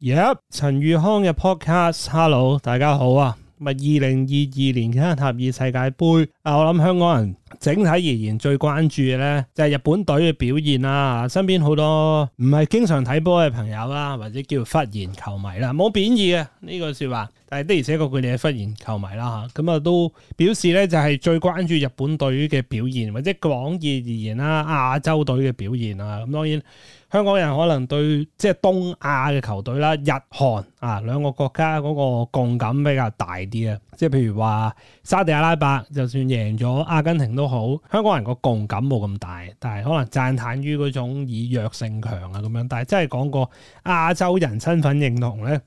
耶！陳宇、yep, 康嘅 podcast，Hello，大家好啊，咪二零二二年嘅卡塔爾世界盃，啊，我諗香港人。整體而言最關注嘅咧就係日本隊嘅表現啦，身邊好多唔係經常睇波嘅朋友啦，或者叫忽然球迷啦，冇貶義啊呢、呢個說話，但係的而且確佢哋係忽然球迷啦吓，咁啊都表示咧就係最關注日本隊嘅表現，或者廣義而言啦亞洲隊嘅表現啊，咁當然香港人可能對即係、就是、東亞嘅球隊啦，日韓啊兩個國家嗰個共感比較大啲啊，即係譬如話沙地阿拉伯就算贏咗阿根廷都。好，香港人個共感冇咁大，但係可能讚歎於嗰種以弱勝強啊咁樣，但係真係講過亞洲人身份認同咧，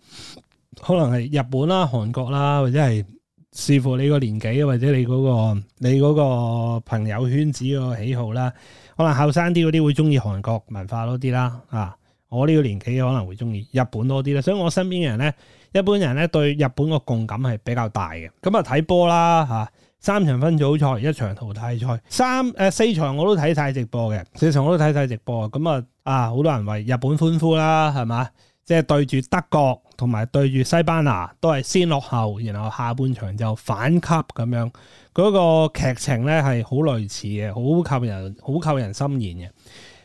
可能係日本啦、韓國啦，或者係視乎你個年紀，或者你嗰個你嗰個朋友圈子個喜好啦，可能後生啲嗰啲會中意韓國文化多啲啦，啊，我呢個年紀可能會中意日本多啲啦，所以我身邊嘅人咧，一般人咧對日本個共感係比較大嘅，咁啊睇波啦，嚇。三場分組賽，一場淘汰賽，三誒四場我都睇晒直播嘅，四場我都睇晒直播。咁啊啊，好多人為日本歡呼啦，係嘛？即係對住德國同埋對住西班牙都係先落後，然後下半場就反級咁樣。嗰個劇情咧係好類似嘅，好吸引，好扣人心弦嘅。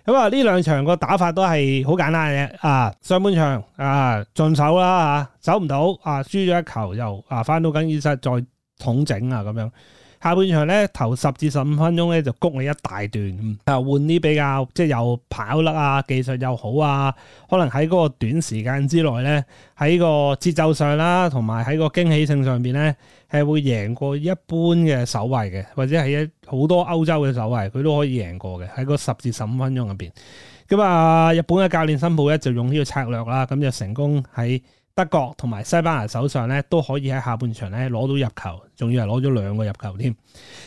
咁啊，呢兩場個打法都係好簡單嘅啊，上半場啊進手啦啊，守唔到啊輸咗一球又啊翻到更衣室再，統整啊咁樣，下半場呢，頭十至十五分鐘呢，就谷你一大段，就換啲比較即係又跑得啊，技術又好啊，可能喺嗰個短時間之內呢，喺個節奏上啦、啊，同埋喺個驚喜性上邊呢，係會贏過一般嘅守衛嘅，或者係一好多歐洲嘅守衛，佢都可以贏過嘅。喺個十至十五分鐘入邊，咁、嗯、啊日本嘅教練森保一呢，就用呢個策略啦，咁就成功喺。德國同埋西班牙手上咧都可以喺下半場咧攞到入球，仲要係攞咗兩個入球添。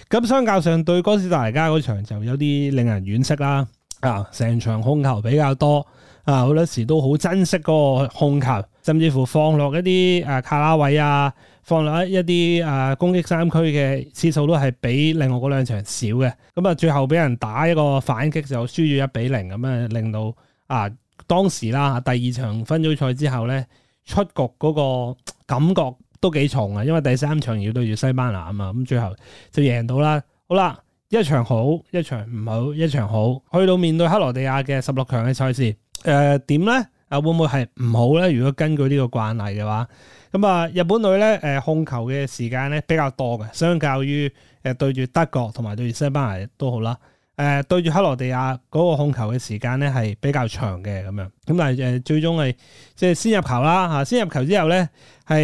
咁相較上對哥斯達黎加嗰場就有啲令人惋惜啦。啊，成場控球比較多，啊好多時都好珍惜嗰個控球，甚至乎放落一啲誒、啊、卡拉位啊，放落一啲誒、啊、攻擊三區嘅次數都係比另外嗰兩場少嘅。咁啊，最後俾人打一個反擊就輸咗一比零，咁啊令到啊當時啦，第二場分組賽之後咧。出局嗰個感覺都幾重啊，因為第三場要對住西班牙啊嘛，咁最後就贏到啦。好啦，一場好，一場唔好，一場好，去到面對克羅地亞嘅十六強嘅賽事，誒點咧？啊、呃、會唔會係唔好咧？如果根據呢個慣例嘅話，咁、嗯、啊日本女咧誒、呃、控球嘅時間咧比較多嘅，相較於誒、呃、對住德國同埋對住西班牙都好啦。誒、呃、對住克羅地亞嗰個控球嘅時間咧係比較長嘅咁樣，咁但係誒、呃、最終係即係先入球啦嚇，先入球之後咧係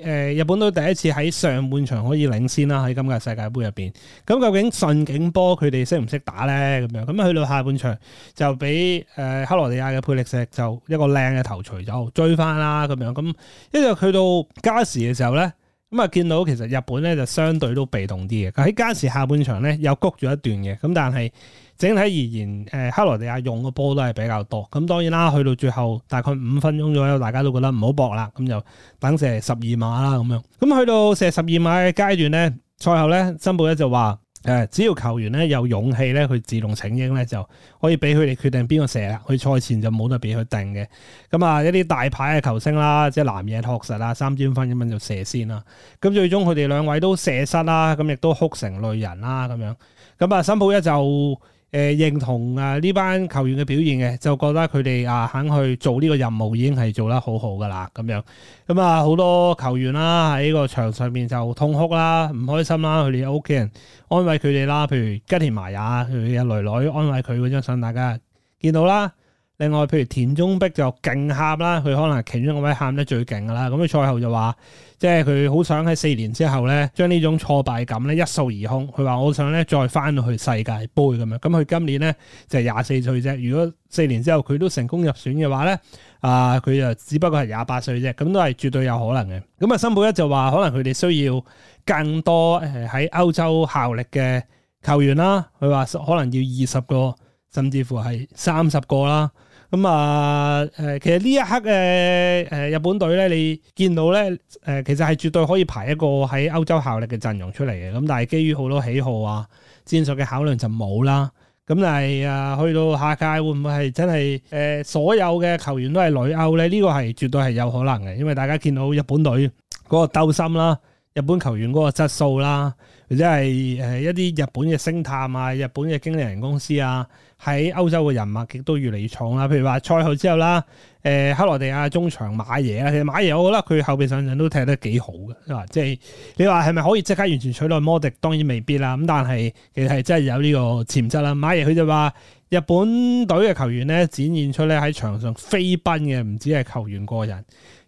誒，日本都第一次喺上半場可以領先啦，喺今屆世界盃入邊，咁、嗯、究竟順境波佢哋識唔識打咧咁樣？咁去到下半場就俾誒克羅地亞嘅佩力石就一個靚嘅頭錘就追翻啦咁樣，咁一就去到加時嘅時候咧。咁啊，見到其實日本咧就相對都被動啲嘅，喺加時下半場咧又谷咗一段嘅，咁但係整體而言，誒、呃、克羅地亞用嘅波都係比較多，咁當然啦，去到最後大概五分鐘左右，大家都覺得唔好搏啦，咁就等射十二碼啦咁樣，咁去到射十二碼嘅階段咧，賽後咧森保一就話。誒，只要球員咧有勇氣咧，佢自動請纓咧就可以俾佢哋決定邊個射啦。佢賽前就冇得俾佢定嘅。咁啊，一啲大牌嘅球星啦，即係南野拓實啦、三點分咁樣就射先啦。咁最終佢哋兩位都射失啦，咁亦都哭成淚人啦，咁樣。咁啊，森保一就誒、呃，認同啊，呢班球員嘅表現嘅，就覺得佢哋啊肯去做呢個任務，已經係做得好好噶啦，咁樣，咁、嗯、啊好多球員啦、啊、喺個場上面就痛哭啦，唔開心啦，佢哋屋企人安慰佢哋啦，譬如吉田麻也佢嘅女女安慰佢嗰張相，大家見到啦。另外，譬如田中碧就勁喊啦，佢可能其中一個位喊得最勁噶啦。咁佢賽後就話，即係佢好想喺四年之後咧，將呢種挫敗感咧一掃而空。佢話我想咧再翻到去世界盃咁樣。咁佢今年咧就係廿四歲啫。如果四年之後佢都成功入選嘅話咧，啊佢就只不過係廿八歲啫，咁都係絕對有可能嘅。咁啊，森保一就話可能佢哋需要更多誒喺歐洲效力嘅球員啦。佢話可能要二十個，甚至乎係三十個啦。咁啊，誒、嗯呃，其實呢一刻嘅誒、呃、日本隊咧，你見到咧，誒、呃，其實係絕對可以排一個喺歐洲效力嘅陣容出嚟嘅。咁但係基於好多喜好啊、戰術嘅考量就冇啦。咁但係啊、呃，去到下屆會唔會係真係誒、呃、所有嘅球員都係旅歐咧？呢個係絕對係有可能嘅，因為大家見到日本隊嗰個鬥心啦。日本球員嗰個質素啦，或者係誒一啲日本嘅星探啊、日本嘅經理人公司啊，喺歐洲嘅人脈亦都越嚟越重啦。譬如話賽後之後啦，誒克羅地亞中場馬爺啊，其實馬爺我覺得佢後備上陣都踢得幾好嘅，即、即係你話係咪可以即刻完全取代摩迪？當然未必啦，咁但係其實係真係有呢個潛質啦。馬爺佢就話日本隊嘅球員咧，展現出咧喺場上飛奔嘅唔止係球員個人，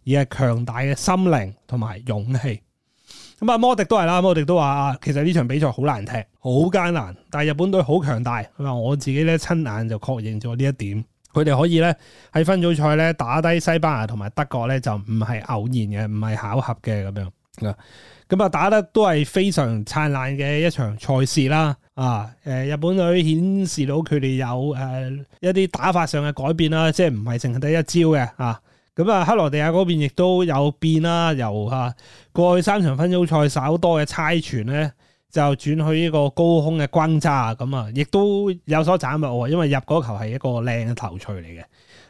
而係強大嘅心靈同埋勇氣。咁啊，摩迪都係啦，摩迪都話啊，其實呢場比賽好難踢，好艱難，但係日本隊好強大。佢話我自己咧親眼就確認咗呢一點，佢哋可以咧喺分組賽咧打低西班牙同埋德國咧就唔係偶然嘅，唔係巧合嘅咁樣啊。咁啊，打得都係非常燦爛嘅一場賽事啦。啊，誒，日本隊顯示到佢哋有誒、啊、一啲打法上嘅改變啦，即係唔係淨係得一招嘅啊。咁啊，克羅地亞嗰邊亦都有變啦，由啊過去三場分組賽稍多嘅猜傳咧，就轉去呢個高空嘅轟炸咁啊，亦都有所斬獲。因為入嗰球係一個靚嘅頭槌嚟嘅。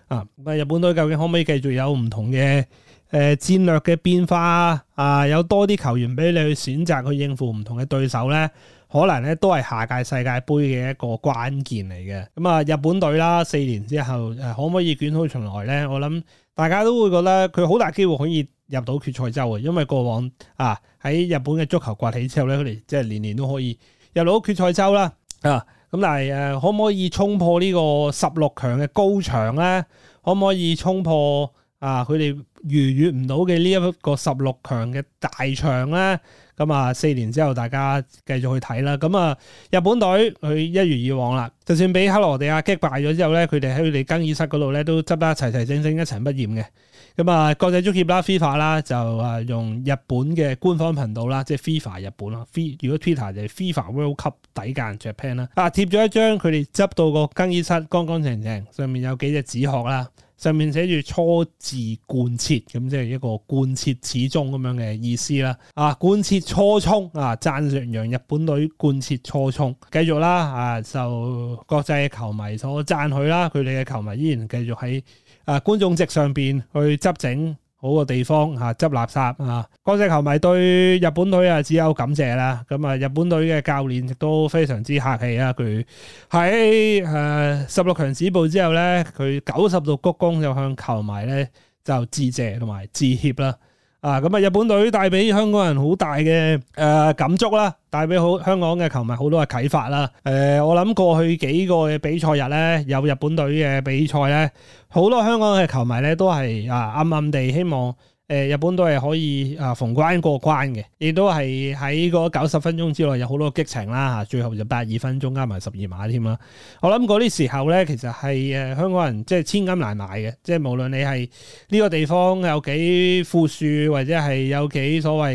啊，日本隊究竟可唔可以繼續有唔同嘅誒戰略嘅變化啊？有多啲球員俾你去選擇去應付唔同嘅對手咧？可能咧，都係下屆世界杯嘅一個關鍵嚟嘅，咁啊日本隊啦，四年之後誒，可唔可以捲土重來咧？我諗大家都會覺得佢好大機會可以入到決賽周嘅，因為過往啊喺日本嘅足球崛起之後咧，佢哋即係年年都可以入到決賽周啦。啊，咁但係誒，可唔可以衝破呢個十六強嘅高牆咧？可唔可以衝破啊佢哋逾越唔到嘅呢一個十六強嘅大牆咧？咁啊，四年之後大家繼續去睇啦。咁啊，日本隊佢一如以往啦，就算俾克羅地亞擊敗咗之後咧，佢哋喺佢哋更衣室嗰度咧都執得齊齊整整，一塵不染嘅。咁啊，國際足協啦、FIFA 啦，就啊用日本嘅官方頻道啦，即係 FIFA 日本咯。如果 Twitter 就 FIFA World 級底間 Japan 啦，啊貼咗一張佢哋執到個更衣室乾乾淨淨，上面有幾隻紙殼啦。上面寫住初志貫徹，咁即係一個貫徹始終咁樣嘅意思啦。啊，「貫徹初衷」啊，讚賞日本隊貫徹初衷，繼續啦。啊，受國際嘅球迷所讚許啦，佢哋嘅球迷依然繼續喺啊觀眾席上邊去執整。好嘅地方嚇，執、啊、垃圾啊！嗰隻球迷對日本隊啊，只有感謝啦。咁啊，日本隊嘅教練亦都非常之客氣啊。佢喺誒十六強止步之後咧，佢九十度鞠躬就向球迷咧就致謝同埋致歉啦。啊，咁啊，日本隊帶俾香港人好大嘅誒、呃、感觸啦，帶俾好香港嘅球迷好多嘅啟發啦。誒、呃，我諗過去幾個嘅比賽日咧，有日本隊嘅比賽咧，好多香港嘅球迷咧都係啊、呃、暗暗地希望。誒，日本都係可以啊，逢關過關嘅，亦都係喺個九十分鐘之內有好多激情啦嚇，最後就百二分鐘加埋十二碼添啦。我諗嗰啲時候呢，其實係誒香港人即係千金難買嘅，即係無論你係呢個地方有幾富庶，或者係有幾所謂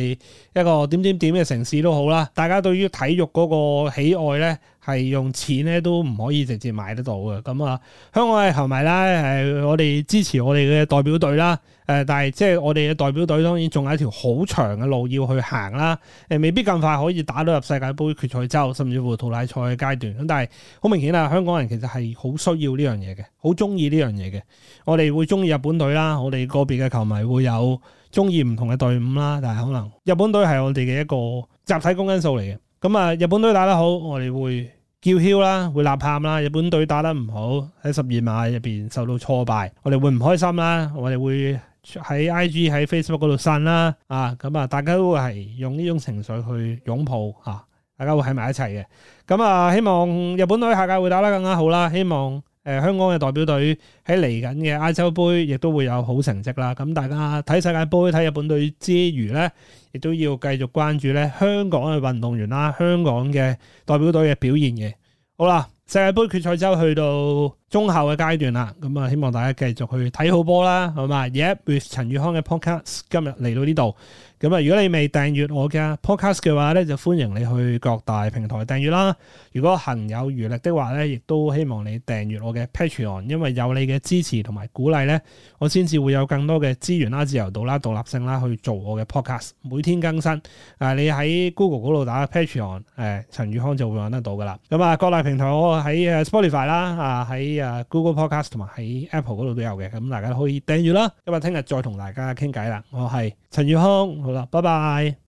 一個點點點嘅城市都好啦，大家對於體育嗰個喜愛呢。係用錢咧都唔可以直接買得到嘅，咁、嗯、啊，香港嘅球迷啦，誒、呃，我哋支持我哋嘅代表隊啦，誒、呃，但係即係我哋嘅代表隊當然仲有一條好長嘅路要去行啦，誒、呃，未必咁快可以打到入世界盃決賽周，甚至乎淘汰賽嘅階段。咁但係好明顯啦，香港人其實係好需要呢樣嘢嘅，好中意呢樣嘢嘅。我哋會中意日本隊啦，我哋個別嘅球迷會有中意唔同嘅隊伍啦，但係可能日本隊係我哋嘅一個集體公因數嚟嘅。咁啊，日本隊打得好，我哋會叫囂啦，會呐喊啦；日本隊打得唔好，喺十二碼入邊受到挫敗，我哋會唔開心啦，我哋會喺 IG 喺 Facebook 嗰度散啦。啊，咁啊，大家都係用呢種情緒去擁抱啊，大家會喺埋一齊嘅。咁啊，希望日本隊下屆會打得更加好啦。希望。誒、呃、香港嘅代表隊喺嚟緊嘅亞洲杯，亦都會有好成績啦。咁、嗯、大家睇世界盃睇日本隊之餘呢，亦都要繼續關注呢香港嘅運動員啦、香港嘅代表隊嘅表現嘅。好啦，世界盃決賽周去到中後嘅階段啦，咁啊希望大家繼續去睇好波啦，好嘛？Yeah，with 陳宇康嘅 Podcast 今日嚟到呢度，咁啊如果你未訂閱我嘅 Podcast 嘅話咧，就歡迎你去各大平台訂閱啦。如果行有餘力的話咧，亦都希望你訂閱我嘅 Patreon，因為有你嘅支持同埋鼓勵咧，我先至會有更多嘅資源啦、自由度啦、獨立性啦去做我嘅 Podcast，每天更新。啊，你喺 Google 度打 Patreon，誒、啊、陳宇康就會揾得到噶啦。咁啊，各大平台我喺誒 Spotify 啦，啊喺。啊，Google Podcast 同埋喺 Apple 嗰度都有嘅，咁大家可以訂閱啦。咁啊，聽日再同大家傾偈啦。我係陳宇康，好啦，拜拜。